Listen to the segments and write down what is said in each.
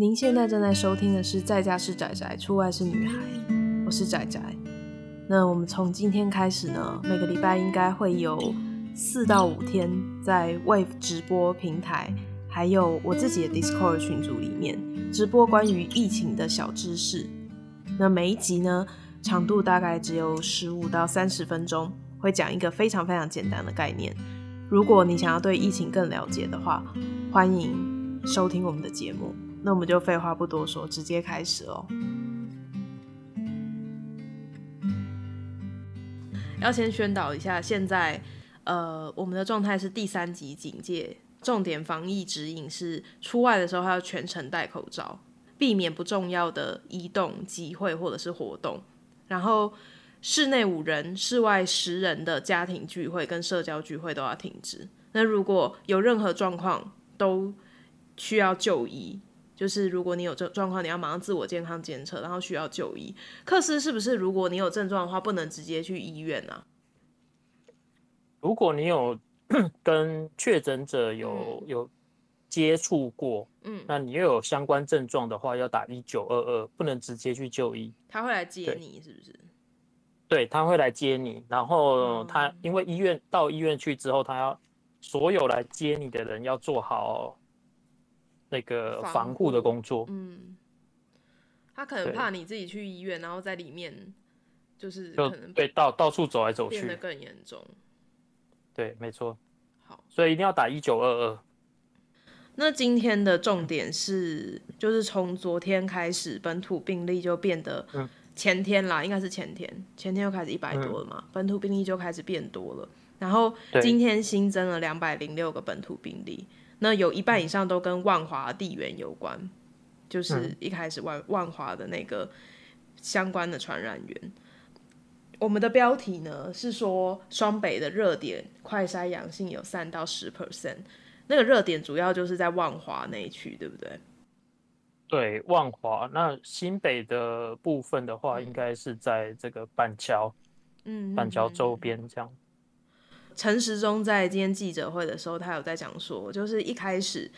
您現在正在收聽的是《在家是宅宅，出外是女孩》，我是宅宅。那我們從今天開始呢，每個禮拜應該會有四到五天在 Wave 直播平台，還有我自己的 Discord 群組裡面直播關於疫情的小知識。那每一集呢，長度大概只有十五到三十分鐘，會講一個非常非常簡單的概念。如果你想要對疫情更了解的話，歡迎收聽我們的節目。那我們就廢話不多說，直接開始哦。要先宣導一下，現在，呃，我們的狀態是第三級警戒，重點防疫指引是：出外的時候還要全程戴口罩，避免不重要的移動、集會或者是活動。然後，室內五人、室外十人的家庭聚會跟社交聚會都要停止。那如果有任何狀況，都需要就醫。就是如果你有這狀況，你要馬上自我健康監測，然後需要就醫。刻思是不是？如果你有症狀的話，不能直接去醫院啊。如果你有跟確診者有、嗯、有接觸過，嗯，那你又有相關症狀的話，要打一九二二，不能直接去就醫。他會來接你，是不是？對，他會來接你。然後他、嗯、因為醫院到醫院去之後，他要所有來接你的人要做好。那個防護的工作，嗯，他可能怕你自己去醫院，然後在裡面就是可能被到到處走來走去，變得更嚴重。對，沒錯。好，所以一定要打一九二二。那今天的重點是，就是從昨天開始，本土病例就變得前天啦，嗯、應該是前天，前天又開始一百多了嘛，嗯，本土病例就開始變多了。然後今天新增了兩百零六個本土病例。那有一半以上都跟萬華地緣有關，嗯，就是一開始萬萬華的那個相關的傳染源。我們的標題呢是說，雙北的熱點快篩陽性有三到十 percent，那個熱點主要就是在萬華那一區，對不對？對，萬華。那新北的部分的話，應該是在這個板橋，嗯哼哼，板橋周邊這樣。陳時中在今天記者會的時候，他有在講說，就是一開始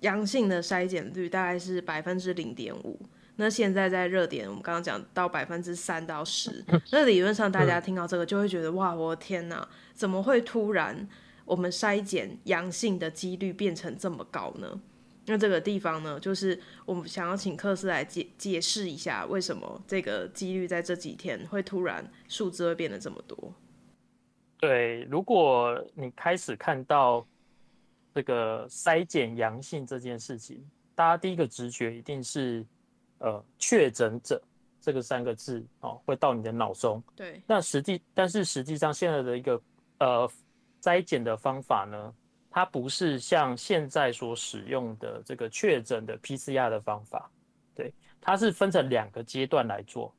陽性的篩檢率大概是百分之零點五，那現在在熱點，我們剛剛講到百分之三到十，那理論上大家聽到這個就會覺得、嗯、哇，我的天哪、啊，怎麼會突然我們篩檢陽性的幾率變成這麼高呢？那這個地方呢，就是我們想要請刻思來解解釋一下，為什麼這個幾率在這幾天會突然數字會變得這麼多。對，如果你開始看到這個篩檢陽性這件事情，大家第一個直覺一定是呃確診者這個三個字哦，會到你的腦中。對，那實際但是實際上現在的一個呃篩檢的方法呢，它不是像現在所使用的這個確診的 PCR 的方法，對，它是分成兩個階段來做。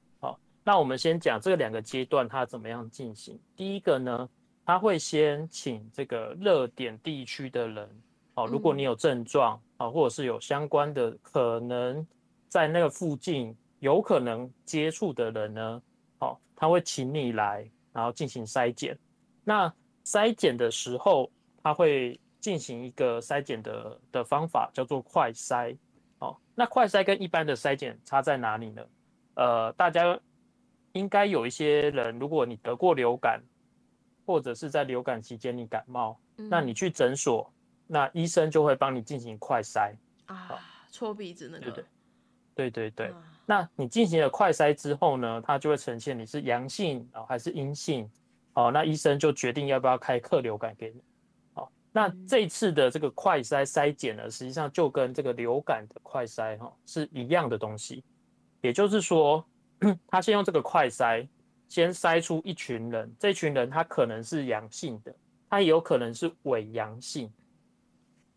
那我們先講這兩個階段它怎麼樣進行。第一個呢，它會先請這個熱點地區的人，哦，如果你有症狀，哦，或者是有相關的可能在那個附近有可能接觸的人呢，哦，他會請你來，然後進行篩檢。那篩檢的時候，他會進行一個篩檢的的方法，叫做快篩，哦。那快篩跟一般的篩檢差在哪裡呢？呃，大家。應該有一些人，如果你得過流感，或者是在流感期間你感冒，嗯、那你去診所，那醫生就會幫你進行快篩啊，搓、嗯、鼻子那個，對對對，對、嗯，那你進行了快篩之後呢，它就會呈現你是陽性啊、哦、還是陰性，好、哦，那醫生就決定要不要開克流感給你。好、哦，那這次的這個快篩篩檢呢，嗯、實際上就跟這個流感的快篩哈、哦、是一樣的東西，也就是說。 他先用這個快篩，先篩出一群人，這群人他可能是陽性的，他也有可能是偽陽性。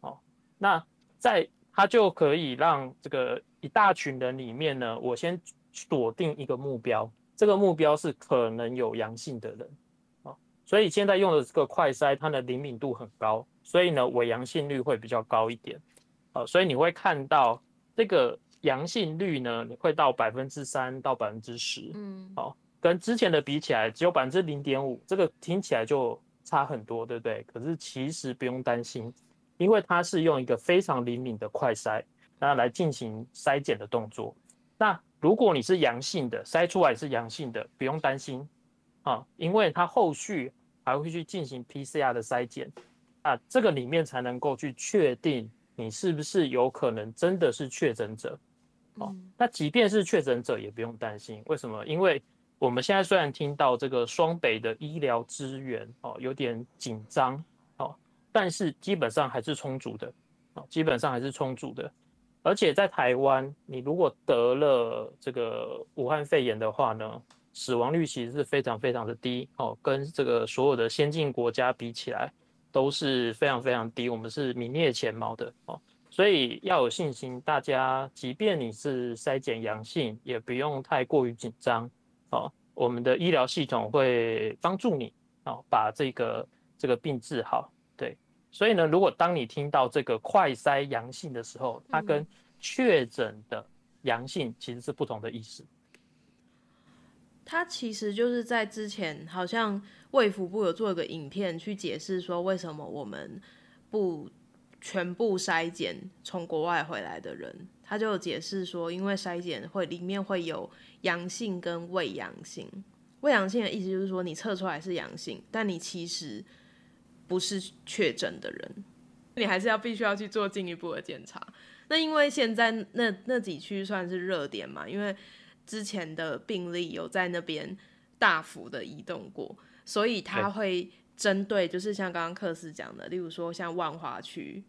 好、哦，那在他就可以讓這個一大群人裡面呢，我先鎖定一個目標，這個目標是可能有陽性的人。啊、哦，所以現在用的這個快篩，它的靈敏度很高，所以呢偽陽性率會比較高一點。啊、哦，所以你會看到這個。陽性率呢，會到百分之三到百分之十。嗯，好、哦，跟之前的比起來，只有百分之零點五，這個聽起來就差很多，對不對？可是其實不用擔心，因為它是用一個非常靈敏的快篩，然後來進行篩檢的動作。那如果你是陽性的，篩出來是陽性的，不用擔心啊、哦，因為它後續還會去進行 PCR 的篩檢，啊，這個裡面才能夠去確定你是不是有可能真的是確診者。哦，那即便是確診者也不用擔心，為什麼？因為我們現在雖然聽到這個雙北的醫療資源哦有點緊張哦，但是基本上還是充足的哦，基本上還是充足的。而且在台灣，你如果得了這個武漢肺炎的話呢，死亡率其實是非常非常的低哦，跟這個所有的先進國家比起來都是非常非常低，我們是名列前茅的哦。所以要有信心，大家，即便你是篩檢陽性，也不用太過於緊張。哦，我們的醫療系統會幫助你哦，把這個這個病治好。對，所以呢，如果當你聽到這個快篩陽性的時候，它跟確診的陽性其實是不同的意思。它、嗯、其實就是在之前，好像衛福部有做一個影片去解釋說，為什麼我們不。全部篩檢從國外回來的人，他就解釋說，因為篩檢會裡面會有陽性跟偽陽性，偽陽性的意思就是說你測出來是陽性，但你其實不是確診的人，嗯，你還是要必須要去做進一步的檢查。那因為現在那那幾區算是熱點嘛，因為之前的病例有在那邊大幅的移動過，所以他會、嗯。針對就是像剛剛刻思講的，例如說像萬華區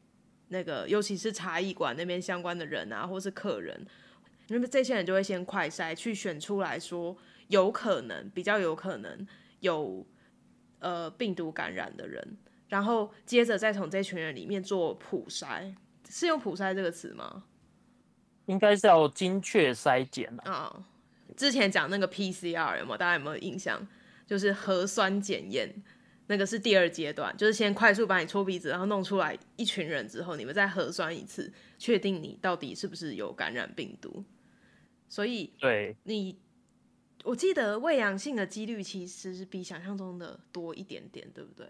那個，尤其是茶藝館那邊相關的人啊，或是客人，那麼這些人就會先快篩，去選出來說有可能比較有可能有呃病毒感染的人，然後接着再從這群人裡面做普篩，是用普篩這個詞嗎？應該是要精確篩檢啊。Oh, 之前講那個 PCR 有沒有大家有沒有印象？就是核酸檢驗。那個是第二階段，就是先快速把你戳鼻子，然後弄出來一群人之後，你們再核酸一次，確定你到底是不是有感染病毒。所以對你，我記得偽陽性的幾率其實是比想象中的多一點點，對不對？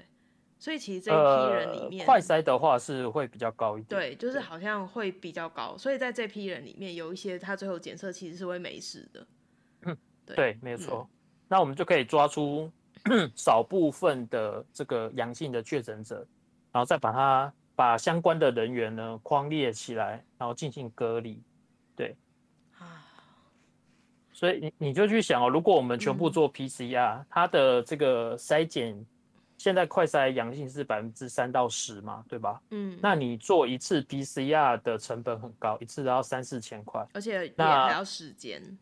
所以其實這批人裡面，呃、快篩的話是會比較高一點。對，就是好像會比較高，所以在這批人裡面，有一些他最後檢測其實是會沒事的。嗯，對，對沒錯、嗯。那我們就可以抓出。 少部分的這個陽性的確診者，然後再把它把相關的人員呢匡列起來，然後進行隔離，對。啊，所以你你就去想哦，如果我們全部做 PCR，、嗯、它的這個篩檢，現在快篩陽性是百分之三到十嘛，對吧？嗯，那你做一次 PCR 的成本很高，一次要三四千塊，而且也還要時間。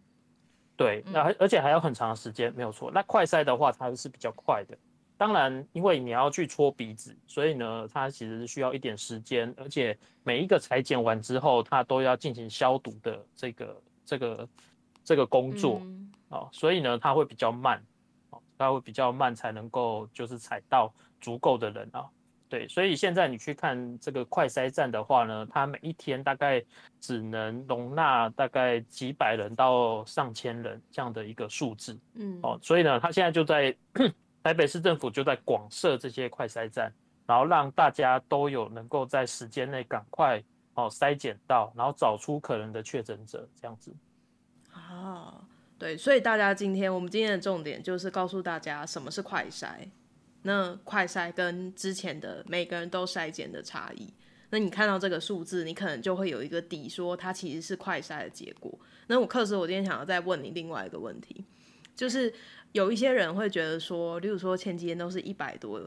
對，那還而且還要很長時間，沒有錯。那快篩的話，它是比較快的。當然，因為你要去搓鼻子，所以呢，它其實是需要一點時間，而且每一個採檢完之後，它都要進行消毒的這個這個這個工作、嗯哦、所以呢，它會比較慢、哦、它會比較慢才能夠就是採到足夠的人啊、哦。對，所以現在你去看這個快篩站的話呢，它每一天大概只能容納大概幾百人到上千人這樣的一個數字。嗯，哦，所以呢，它現在就在 台北市政府就在廣設這些快篩站，然後讓大家都有能夠在時間內趕快哦篩檢到，然後找出可能的確診者這樣子。啊，對，所以大家今天我們今天的重點就是告訴大家什麼是快篩。那快篩跟之前的每個人都篩檢的差異，那你看到這個數字，你可能就會有一個底，說它其實是快篩的結果。那我刻思我今天想要再問你另外一個問題，就是有一些人會覺得說，例如說前幾天都是一百多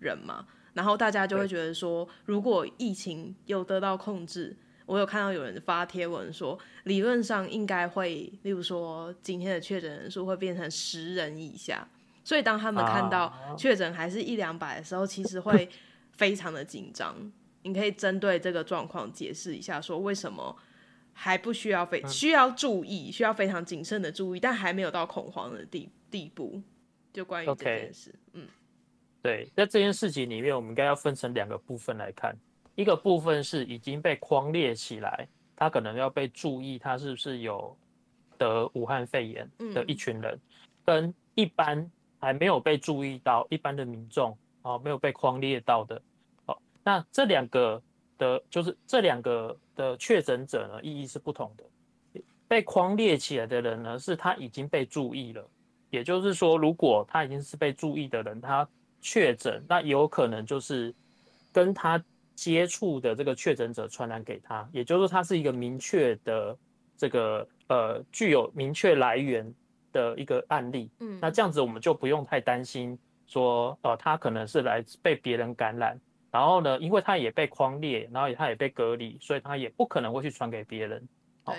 人嘛，然後大家就會覺得說，如果疫情有得到控制，我有看到有人發貼文說，理論上應該會，例如說今天的確診人數會變成十人以下。所以當他們看到確診還是一兩百的時候，其實會非常的緊張。你可以針對這個狀況解釋一下，說為什麼還不需要非需要注意，需要非常謹慎的注意，但還沒有到恐慌的地地步。就關於這件事，okay，嗯，對，在這件事情裡面，我們應該要分成兩個部分來看。一個部分是已經被框列起來，他可能要被注意，他是不是有得武漢肺炎的一群人，跟，嗯，一般。還沒有被注意到，一般的民眾啊，哦，沒有被框列到的。哦，那這兩個的，就是這兩個的確診者呢，意義是不同的。被框列起來的人呢，是他已經被注意了。也就是說，如果他已經是被注意的人，他確診，那有可能就是跟他接觸的這個確診者傳染給他。也就是說，他是一個明確的這個呃，具有明確來源。的一個案例，嗯，那這樣子我們就不用太擔心說，呃，他可能是來自被別人感染，然後呢，因為他也被框列，然後他也被隔離，所以他也不可能會去傳給別人。對、哦，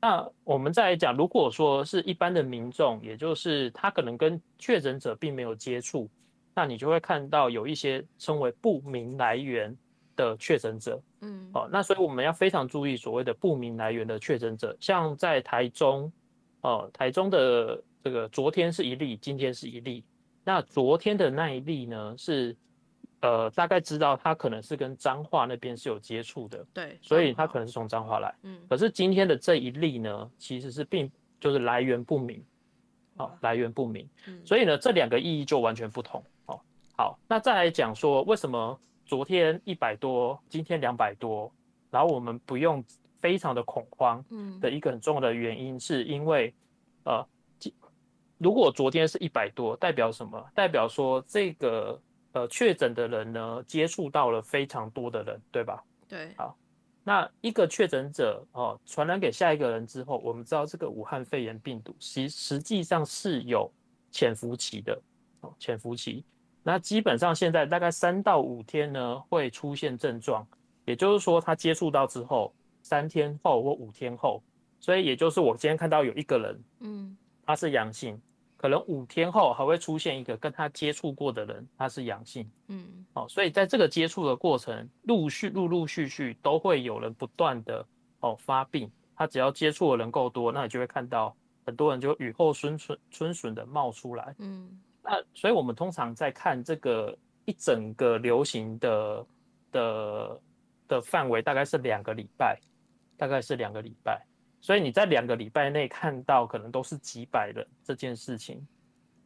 那我們再來講，如果說是一般的民眾，也就是他可能跟確診者並沒有接觸，那你就會看到有一些稱為不明來源的確診者，嗯，哦，那所以我們要非常注意所謂的不明來源的確診者，像在台中。哦、呃，台中的這個昨天是一例，今天是一例。那昨天的那一例呢，是呃大概知道他可能是跟彰化那邊是有接觸的，對，所以他可能是從彰化來。嗯、哦。可是今天的這一例呢，嗯、其實是並就是來源不明哦，哦，來源不明。嗯。所以呢，這兩個意義就完全不同。哦，好，那再來講說為什麼昨天一百多，今天兩百多，然後我們不用。非常的恐慌，嗯，的一個很重要的原因是因為，嗯、呃，如果昨天是一百多，代表什麼？代表說這個呃確診的人呢，接觸到了非常多的人，對吧？對，好，那一個確診者哦、呃，傳染給下一個人之後，我們知道這個武漢肺炎病毒實實際上是有潛伏期的，哦、呃，潛伏期，那基本上現在大概三到五天呢會出現症狀，也就是說他接觸到之後。三天後或五天後，所以也就是我今天看到有一個人，嗯，他是陽性，可能五天後還會出現一個跟他接觸過的人，他是陽性，嗯，哦，所以在這個接觸的過程，陸續、陸陸續續都會有人不斷的哦發病，他只要接觸的人夠多，那你就會看到很多人就雨後春筍春筍的冒出來，嗯，那所以我們通常在看這個一整個流行的的的範圍，大概是兩個禮拜。大概是兩個禮拜，所以你在兩個禮拜內看到可能都是幾百人。這件事情，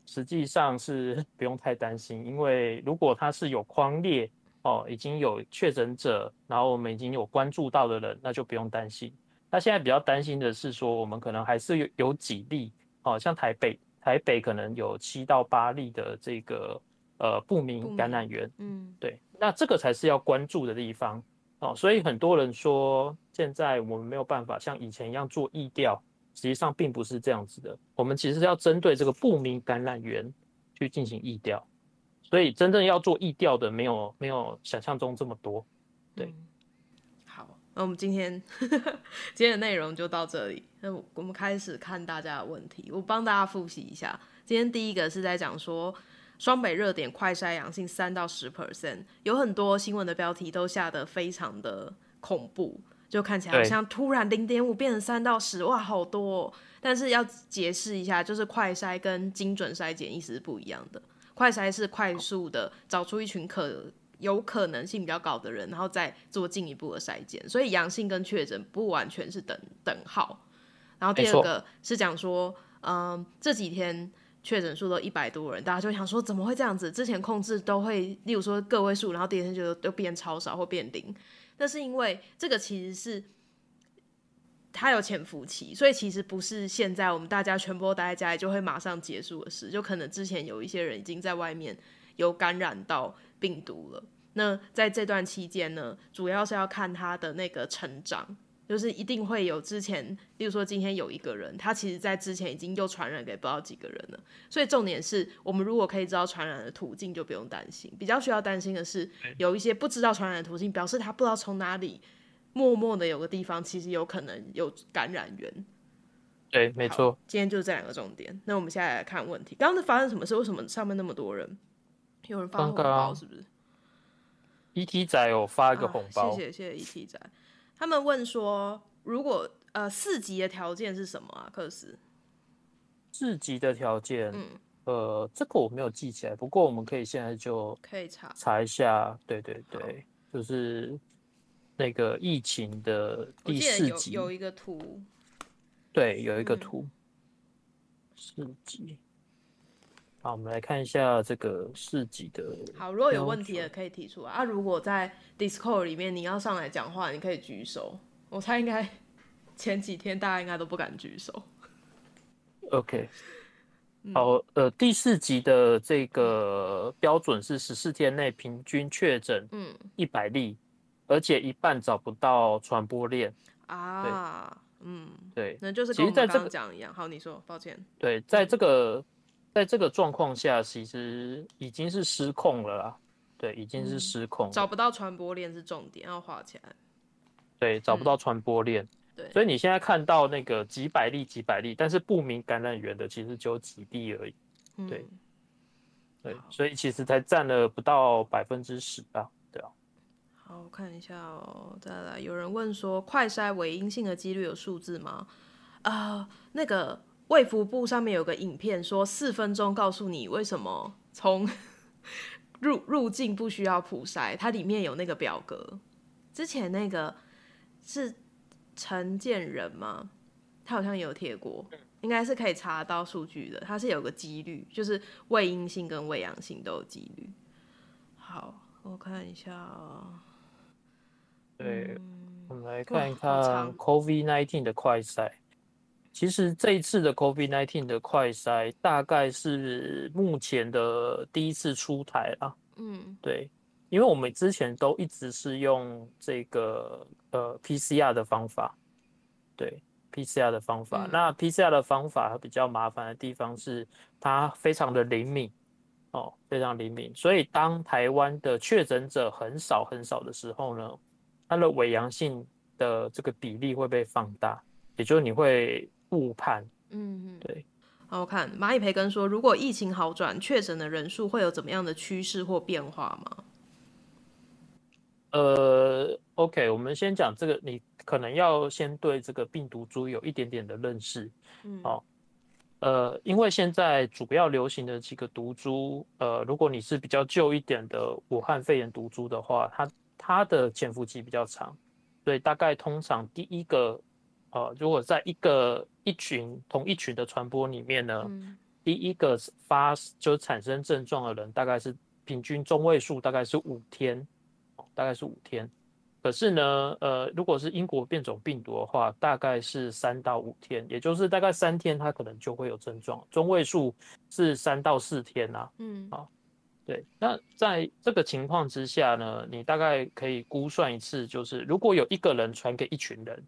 實際上是不用太擔心，因為如果它是有匡列，哦，已經有確診者，然後我們已經有關注到的人，那就不用擔心。那現在比較擔心的是說，我們可能還是有有幾例哦，像台北，台北可能有七到八例的這個呃不明感染源，嗯，對，那這個才是要關注的地方。哦，所以很多人說現在我們沒有辦法像以前一樣做疫調，實際上並不是這樣子的。我們其實是要針對這個不明感染源去進行疫調，所以真正要做疫調的沒有沒有想象中這麼多。對，嗯，好，那我們今天呵呵今天的內容就到這裡。那我們開始看大家的問題，我幫大家複習一下。今天第一個是在講說。雙北熱點快篩陽性三到十 percent，有很多新聞的標題都下得非常的恐怖，就看起來好像突然零點五變成三到十，哇，好多哦！但是要解釋一下，就是快篩跟精準篩檢意思是不一樣的。快篩是快速的找出一群可有可能性比較高的人，然後再做進一步的篩檢，所以陽性跟確診不完全是等等號。然後第二個是講說，嗯、呃，這幾天。確診數都一百多人，大家就想說怎麼會這樣子？之前控制都會，例如說個位數，然後第二天就都變超少或變零。那是因為這個其實是它有潛伏期，所以其實不是現在我們大家全部都待在家裡就會馬上結束的事。就可能之前有一些人已經在外面有感染到病毒了。那在這段期間呢，主要是要看他的那個成長。就是一定會有之前，例如說今天有一個人，他其實，在之前已經又傳染給不知道幾個人了。所以重點是我們如果可以知道傳染的途徑，就不用擔心。比較需要擔心的是，有一些不知道傳染的途徑，表示他不知道從哪裡，默默的有個地方，其實有可能有感染源。對，沒錯。今天就是這兩個重點。那我們現在來，來看問題，剛剛發生什麼事？為什麼上面那麼多人？剛剛有人發紅包？是不是？ET 仔，我發一個紅包，啊、謝謝謝謝 ET 仔。他們問說，如果呃四級的條件是什麼啊？刻思，四級的條件、嗯，呃，這個我沒有記起來，不過我們可以現在就可以查查一下，對對對，就是那個疫情的第四級有，有一個圖，對，有一個圖四、嗯、級。好，我們來看一下這個四級的。好，如果有問題的可以提出啊。如果在 Discord 裡面你要上來講話，你可以舉手。我猜應該前幾天大家應該都不敢舉手。OK、 嗯。好，呃，第四級的這個標準是十四天內平均確診嗯一百例，而且一半找不到傳播鏈啊。嗯，對，那就是跟我們剛剛其實在這個講一樣。好，你說，抱歉。對，在這個。嗯在這個狀況下，其實已經是失控了啦。對，已經是失控了、嗯，找不到傳播鏈是重點，要畫起來，對，找不到傳播鏈、嗯。對，所以你現在看到那個幾百例、幾百例，但是不明感染源的，其實就幾例而已。對，嗯、對，所以其實才占了不到百分之十吧。對啊。好，我看一下哦。再來，有人問說，快篩為陰性的幾率有數字嗎？啊、呃，那個。衛福部上面有個影片，說四分鐘告訴你為什麼從入入境不需要普篩。它裡面有那個表格，之前那個是陳建仁嗎？他好像有貼過，應該是可以查到數據的。它是有個幾率，就是偽陰性跟偽陽性都有幾率。好，我看一下，喔嗯。對，我們來看一看 COVID-19 的快篩其實這一次的 COVID-19 的快篩大概是目前的第一次出台啊，嗯，對，因為我們之前都一直是用這個呃 PCR 的方法，對 PCR 的方法、嗯。那 PCR 的方法它比較麻煩的地方是它非常的靈敏，哦，非常靈敏。所以當台灣的確診者很少很少的時候呢，它的偽陽性的這個比例會被放大，也就是你會。預判，嗯，對，好，我看螞蟻培根說，如果疫情好轉，確診的人數會有怎麼樣的趨勢或變化嗎？呃，OK，我們先講這個，你可能要先對這個病毒株有一點點的認識，嗯，好、哦，呃，因為現在主要流行的幾個毒株，呃，如果你是比較舊一點的武漢肺炎毒株的話，它它的潛伏期比較長，所以大概通常第一個。哦，如果在一個一群同一群的傳播裡面呢，嗯、第一個發就產生症狀的人大大、哦，大概是平均中位數大概是五天，大概是五天。可是呢，呃，如果是英國變種病毒的話，大概是三到五天，也就是大概三天，他可能就會有症狀，中位數是三到四天吶、啊。嗯，啊、哦，對。那在這個情況之下呢，你大概可以估算一次，就是如果有一個人傳給一群人。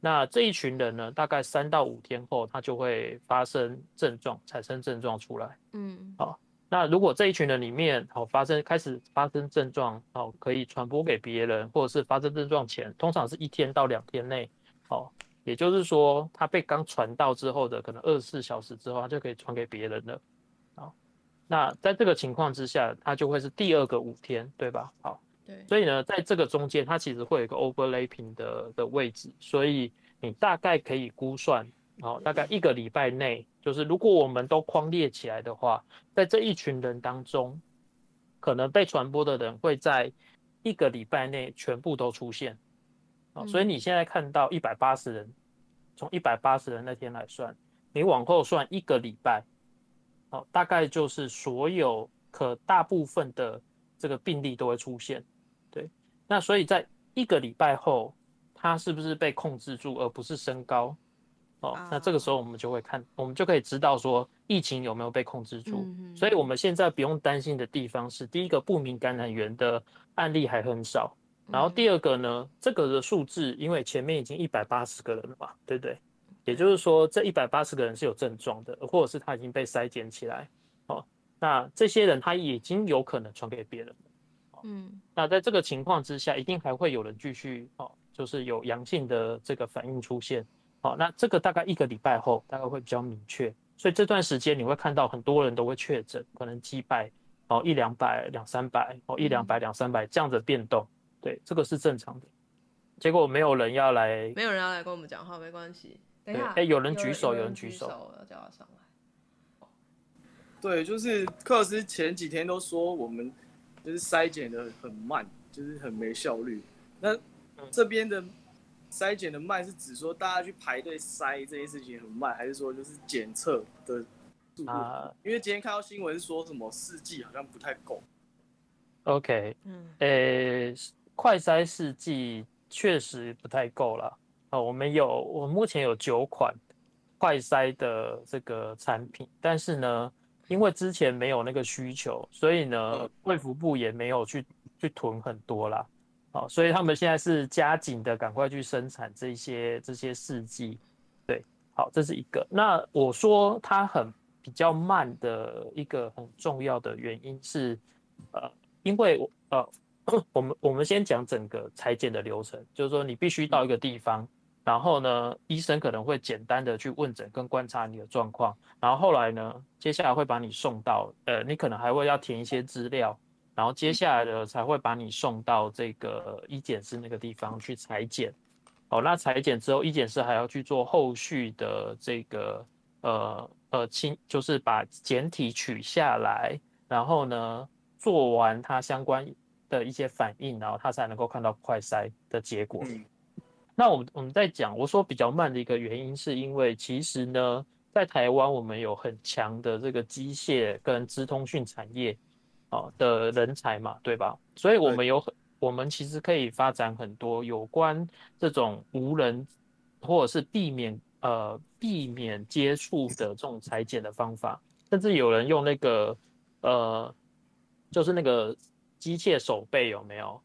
那這一群人呢，大概三到五天後，他就會發生症狀，產生症狀出來。嗯，好。那如果這一群人裡面，好，發生開始發生症狀，好，可以傳播給別人，或者是發生症狀前，通常是一天到兩天內，好，也就是說他被剛傳到之後的可能二十四小時之後，他就可以傳給別人了。好，那在這個情況之下，他就會是第二個五天，對吧？好。所以呢，在這個中間，它其實會有一個 overlapping 的的位置，所以你大概可以估算，好、哦，大概一個禮拜內，就是如果我們都匡列起來的話，在這一群人當中，可能被傳播的人會在一個禮拜內全部都出現，啊、哦，所以你現在看到一百八十人，嗯、從一百八十人那天來算，你往後算一個禮拜，好、哦，大概就是所有可大部分的這個病例都會出現。那所以，在一個禮拜後，他是不是被控制住，而不是升高？哦，uh -huh. 那這個時候我們就會看，我們就可以知道說，疫情有沒有被控制住。Uh -huh. 所以，我們現在不用擔心的地方是，第一個，不明感染源的案例還很少；然後第二個呢，uh -huh. 這個的數字，因為前面已經一百八十個人了嘛，對不對？也就是說，這一百八十個人是有症狀的，或者是他已經被篩檢起來。哦，那這些人他已經有可能傳給別人。嗯，那在這個情況之下，一定還會有人繼續哦，就是有陽性的這個反應出現，哦，那這個大概一個禮拜後，大概會比較明確，所以這段時間你會看到很多人都會確診，可能幾百哦，一兩百，兩三百哦，一兩百，兩三百這樣子變動，對，這個是正常的。結果沒有人要來，沒有人要來跟我們講話，沒關係。等下，哎、欸，有人舉手，有人舉手，我要叫他上來。對，就是刻思前幾天都說我們。就是篩檢的很慢，就是很沒效率。那這邊的篩檢的慢是指說大家去排隊篩這些事情很慢，還是說就是檢測的速度？啊，因為今天看到新聞說什麼試劑好像不太夠。OK，嗯、欸，快篩試劑確實不太夠了。哦，我們有，我目前有九款快篩的這個產品，但是呢。因為之前沒有那個需求，所以呢，衛、嗯、福部也沒有去去囤很多啦，好，所以他們現在是加緊的，趕快去生產這些這些試劑，對，好，這是一個。那我說它很比較慢的一個很重要的原因是，呃，因為呃，我們我們先講整個篩檢的流程，就是說你必須到一個地方。嗯然後呢，醫生可能會簡單的去問診跟觀察你的狀況，然後後來呢，接下來會把你送到，呃，你可能還會要填一些資料，然後接下來的才會把你送到這個醫檢師那個地方去採檢，好、哦，那採檢之後，醫檢師還要去做後續的這個，呃呃，清就是把檢體取下來，然後呢，做完它相關的一些反應，然後它才能夠看到快篩的結果。嗯那我們我們在講，我說比較慢的一個原因，是因為其實呢，在台灣我們有很強的這個機械跟資通訊產業啊、呃、的人才嘛，對吧？所以我們有很，我們其實可以發展很多有關這種無人或者是避免呃避免接觸的這種採檢的方法，甚至有人用那個呃，就是那個機械手背有沒有？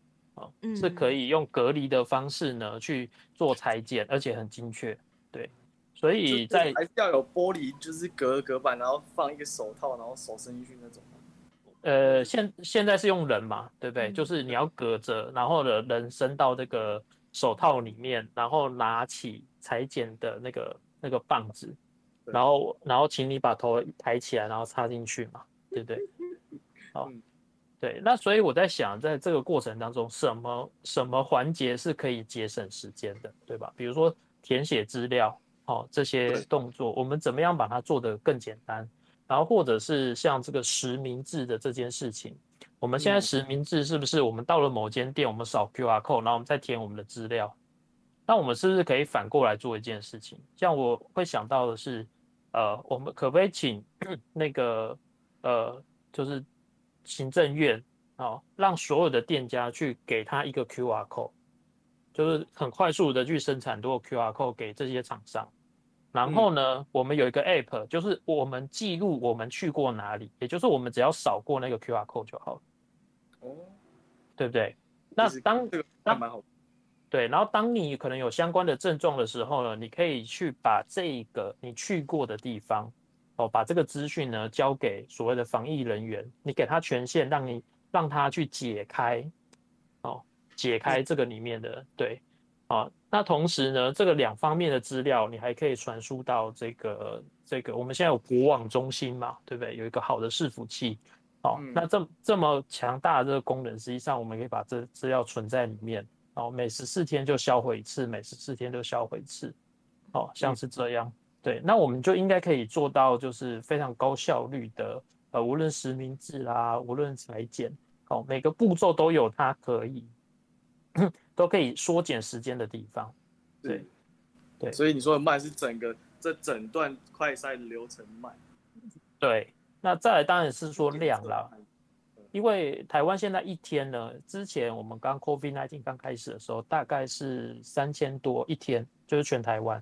嗯、是可以用隔離的方式呢去做採檢，而且很精確，對。所以在，在、就是、還是要有玻璃，就是隔隔板，然後放一個手套，然後手伸進去那種。呃，現現在是用人嘛，對不對？嗯、就是你要隔着，然後呢，人伸到這個手套裡面，然後拿起採檢的那個那個棒子，然後然後請你把頭抬起來，然後插進去嘛，對不對？好。嗯對，那所以我在想，在這個過程當中，什麼什麼環節是可以節省時間的，對吧？比如說填寫資料，哦，這些動作，我們怎麼樣把它做得更簡單？然後或者是像這個實名制的這件事情，我們現在實名制是不是我們到了某間店，我們掃 QR Code，然後我們再填我們的資料？那我們是不是可以反過來做一件事情？像我會想到的是，呃，我們可不可以請那個呃，就是。行政院，好、哦，讓所有的店家去給他一個 QR code，就是很快速的去生產多個 QR code 給這些廠商。然後呢、嗯，我們有一個 app，就是我們記錄我們去過哪裡，也就是我們只要掃過那個 QR code 就好了。哦，對不對？就是、那當、這個還蠻好、當，對，然後當你可能有相關的症狀的時候呢，你可以去把這個你去過的地方。哦，把這個資訊呢交給所謂的防疫人員，你給他權限，讓你讓他去解開，哦，解開這個裡面的、嗯、對，哦，那同時呢，這個兩方面的資料，你還可以傳輸到這個這個，我們現在有國網中心嘛，對不對？有一個好的伺服器，哦，嗯、那這麼這麼強大的這個功能，實際上我們可以把這資料存在裡面，哦，每十四天就銷毀一次，每十四天就銷毀一次，哦，像是這樣。嗯對，那我們就應該可以做到，就是非常高效率的，呃，無論實名制啦，啊，無論採檢，哦，每個步驟都有它可以，都可以縮減時間的地方。對，對。所以你說的慢是整個這整段快篩流程慢。對，那再來當然是說量啦，因為台灣現在一天呢，之前我們剛 COVID-19 剛開始的時候，大概是三千多一天，就是全台灣。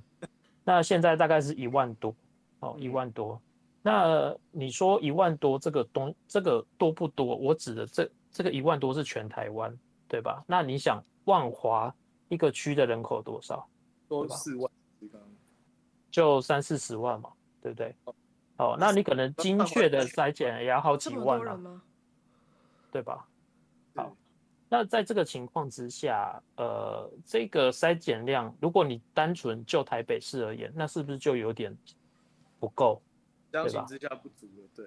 那現在大概是一萬多，哦，一萬多。嗯、那你說一萬多這個東這個多不多？我指的這這個一萬多是全台灣，對吧？那你想萬華一個區的人口多少？多四萬？就三四十萬嘛，對不對？哦，哦那你可能精確的篩檢也要好幾萬嘛、啊，對吧？那在這個情況之下，呃，這個篩檢量，如果你單純就台北市而言，那是不是就有點不夠，對吧？資力不足了，對，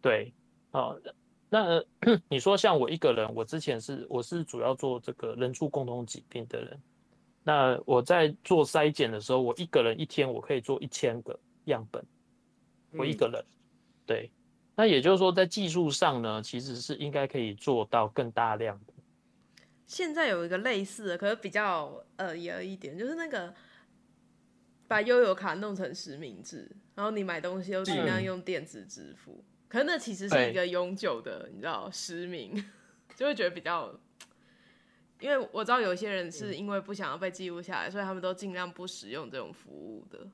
對，哦、呃嗯，那你說像我一個人，我之前是我是主要做這個人畜共同疾病的人，那我在做篩檢的時候，我一個人一天我可以做一千個樣本，我一個人、嗯，對，那也就是說在技術上呢，其實是應該可以做到更大量的。現在有一個類似的，可是比較呃有一點，就是那個把悠遊卡弄成實名制，然後你買東西又盡量用電子支付、嗯。可是那其實是一個永久的，哎、你知道實名，就會覺得比較。因為我知道有些人是因為不想要被記錄下來，嗯、所以他們都盡量不使用這種服務的。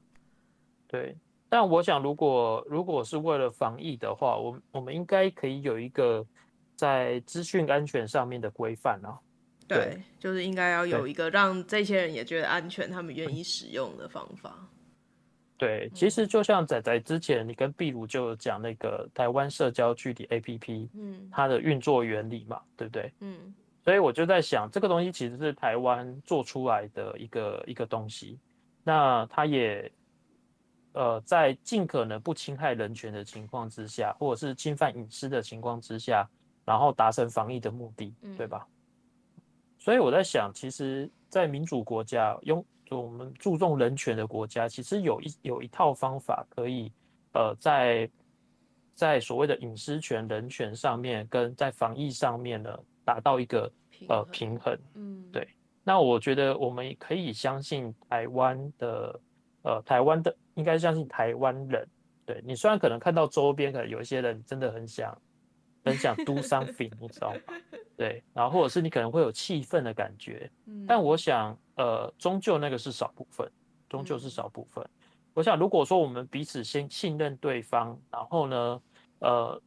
對，但我想如果如果是為了防疫的話，我我們應該可以有一個在資訊安全上面的規範啊。對，對，就是應該要有一個讓這些人也覺得安全，他們願意使用的方法。對，嗯、其實就像仔仔之前，你跟壁爐就講那個台灣社交距離 APP，嗯，它的運作原理嘛，嗯、對不對，對？嗯。所以我就在想，這個東西其實是台灣做出來的一個一個東西。那它也，嗯、呃，在盡可能不侵害人權的情況之下，或者是侵犯隱私的情況之下，然後達成防疫的目的，嗯、對吧？所以我在想，其實，在民主國家，用就我們注重人權的國家，其實有一有一套方法可以，呃，在在所謂的隱私權、人權上面，跟在防疫上面呢，達到一個呃平衡。嗯，對。嗯、那我覺得我們可以相信台灣的，呃，台灣的應該相信台灣人。對，你雖然可能看到周邊，可能有一些人真的很想。分 享 do something，你知道嗎？對，然後或者是你可能會有氣憤的感覺，但我想，呃，終究那個是少部分，終究是少部分。嗯、我想，如果說我們彼此先信任對方，然後呢，呃，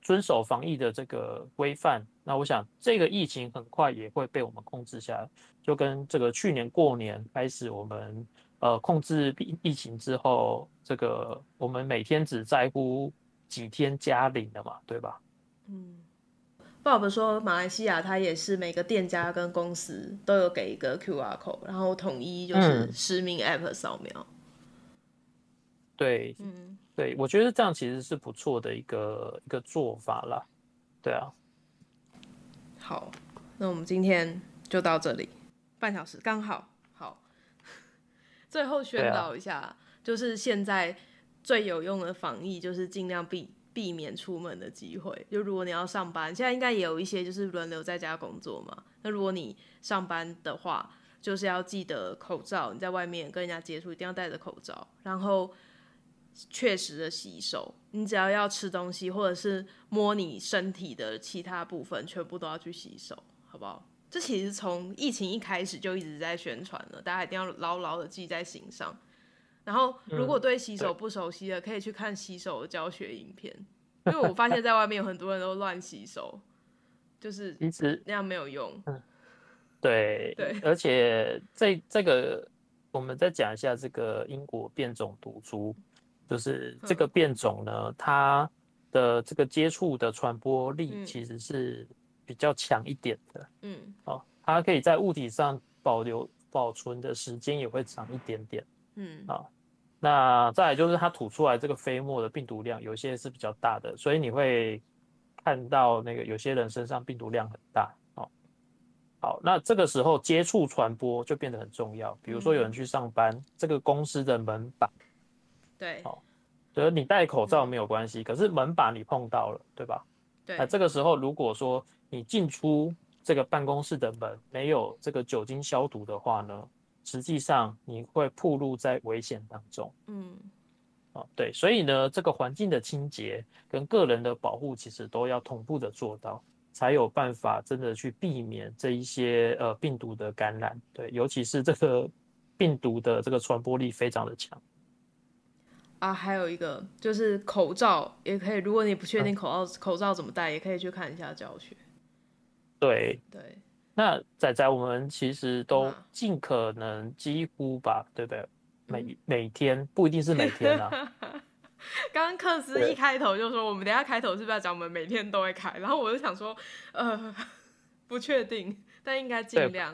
遵守防疫的這個規範，那我想這個疫情很快也會被我們控制下來，就跟這個去年過年開始我們呃控制疫疫情之後，這個我們每天只在乎。幾天加領的嘛，對吧？嗯，Bob 說馬來西亞它也是每個店家跟公司都有給一個 QR code，然後統一就是實名 app 掃描。嗯、對，嗯，對，我覺得這樣其實是不錯的一個一個做法啦。對啊，好，那我們今天就到這裡，半小時剛好。好，最後宣導一下，啊、就是現在。最有用的防疫就是盡量避避免出門的機會。就如果你要上班，現在應該也有一些就是輪流在家工作嘛。那如果你上班的話，就是要記得口罩。你在外面跟人家接觸，一定要戴着口罩。然後，確實的洗手。你只要要吃東西，或者是摸你身體的其他部分，全部都要去洗手，好不好？這其實從疫情一開始就一直在宣傳了，大家一定要牢牢的記在心上。然後，如果對洗手不熟悉的、嗯，可以去看洗手的教學影片，因為我發現，在外面有很多人都亂洗手， 就是其實那樣沒有用。嗯，對對，而且這這個，我們再講一下這個英國變種毒株，就是這個變種呢、嗯，它的這個接觸的傳播力其實是比較強一點的。嗯，哦，它可以在物體上保留保存的時間也會長一點點。嗯啊，哦，那再來就是它吐出來這個飛沫的病毒量，有些是比較大的，所以你會看到那個有些人身上病毒量很大。哦，好，那這個時候接觸傳播就變得很重要。比如說有人去上班，嗯、這個公司的門把，對，好、哦，比如你戴口罩沒有關係、嗯，可是門把你碰到了，對吧？對。那這個時候如果說你進出這個辦公室的門沒有這個酒精消毒的話呢，實際上你會暴露在危險當中。嗯、哦，對，所以呢，這個環境的清潔跟個人的保護，其實都要同步的做到，才有辦法真的去避免這一些呃病毒的感染。對，尤其是這個病毒的這個傳播力非常的強。啊，還有一個就是口罩也可以，如果你不確定口罩、嗯、口罩怎麼戴，也可以去看一下教學。對對。那仔仔，我們其實都盡可能幾乎吧，對不對？每每天不一定是每天啊。剛 剛刻思一開頭就說，我們等一下開頭是不是要講我們每天都會開？然後我就想說，呃，不確定，但應該盡量。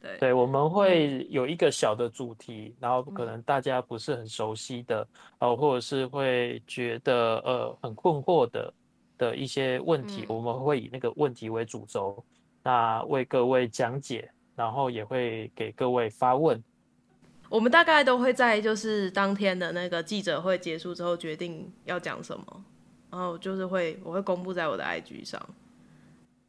對對，對，對，我們會有一個小的主題、嗯，然後可能大家不是很熟悉的，然、嗯、後、呃、或者是會覺得呃很困惑的的一些問題、嗯，我們會以那個問題為主軸。那為各位講解，然後也會給各位發問。我們大概都會在就是當天的那個記者會結束之後，決定要講什麼，然後就是會我會公布在我的 IG 上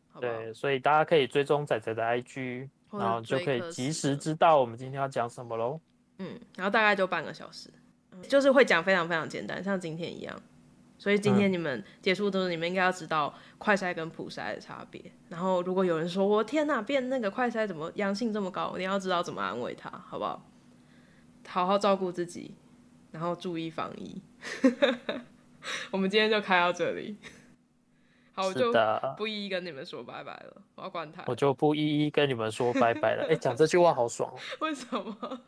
好不好。對，所以大家可以追蹤仔仔的 IG，然後就可以及時知道我們今天要講什麼嘍。嗯，然後大概就半個小時，就是會講非常非常簡單，像今天一樣。所以今天你們結束的時候，嗯、你們應該要知道快篩跟普篩的差別。然後如果有人說我天哪，變那個快篩怎麼陽性這麼高？你要知道怎麼安慰他，好不好？好好照顧自己，然後注意防疫。 我們今天就開到這裡。好的，我就不一一跟你們說拜拜了。我要關臺，我就不一一跟你們說拜拜了。哎、 欸，講這句話好爽，為什麼？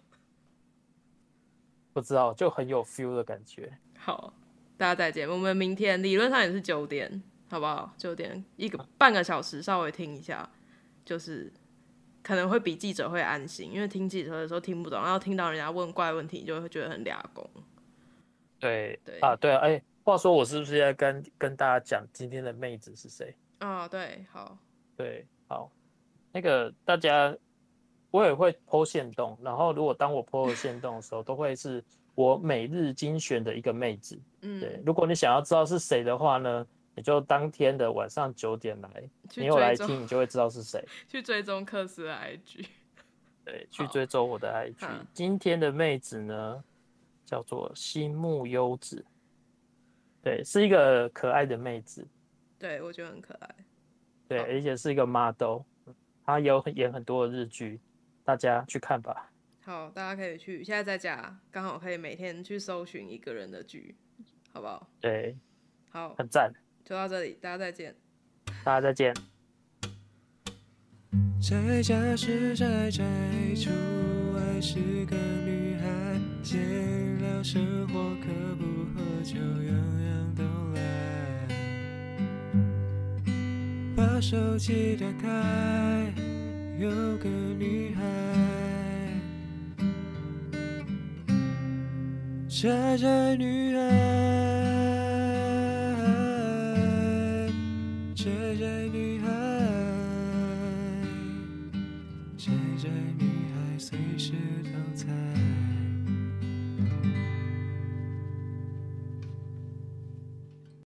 不知道，就很有 feel 的感覺。好。大家再見，我們明天理論上也是九點，好不好？九點一個半個小時，稍微聽一下，就是可能會比記者會安心，因為聽記者的時候聽不懂，然後聽到人家問怪問題，就會覺得很倆工兩光。對對啊，對啊。哎、欸，話說我是不是要跟跟大家講今天的妹子是誰啊、哦？對，好對好，那個大家我也會 po 限動，然後如果當我 po 限動的時候，都會是。我每日精選的一個妹子，嗯，對，如果你想要知道是誰的話呢，你就當天的晚上九點來，你有來聽，你就會知道是誰。去追蹤刻思的 IG，對，去追蹤我的 IG。今天的妹子呢，叫做新木優子，對，是一個可愛的妹子，對我覺得很可愛，對，而且是一個 model，她有演很多的日劇，大家去看吧。好，大家可以去。現在在家啊，剛好可以每天去搜尋一個人的劇，好不好？對，好，很贊。就到這裡，大家再見。大家再見。在家是在宅宅女孩，宅宅女孩，宅宅女孩，隨時都在。